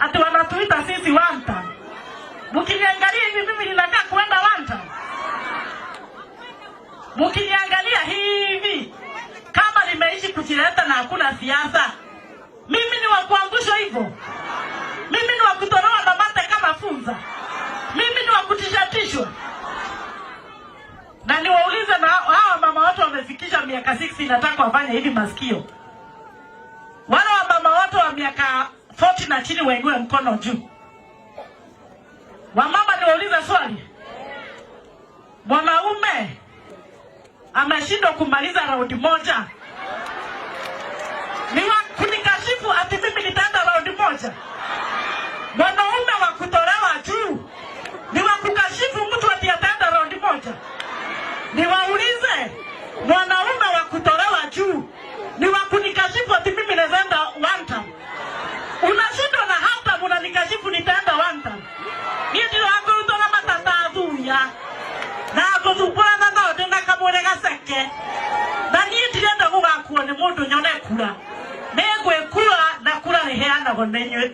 ati wanatuita sisi wanta. Mkiniangalia hivi mimi ninakaa kuenda wanta? Mkiniangalia hivi kama nimeishi kujileta na hakuna siasa, mimi ni wakuangusha hivyo? Mimi ni wakutoroa mamate kama funza? Mimi ni wakutishatishwa? Na niwaulize na hawa mama watu wamefikisha miaka 60 nataka wafanye hivi masikio na chini wainue mkono juu. Wamama, niwaulize swali. Mwanaume ameshindwa kumaliza raundi moja, ni wakunikashifu ati mimi nitaenda raundi moja? Mwanaume wa kutolewa juu ni wakukashifu mtu ati ataenda raundi moja? Niwaulize mwana mundu nyone kura ningwikura na kura iheanagwo ni inyuĩ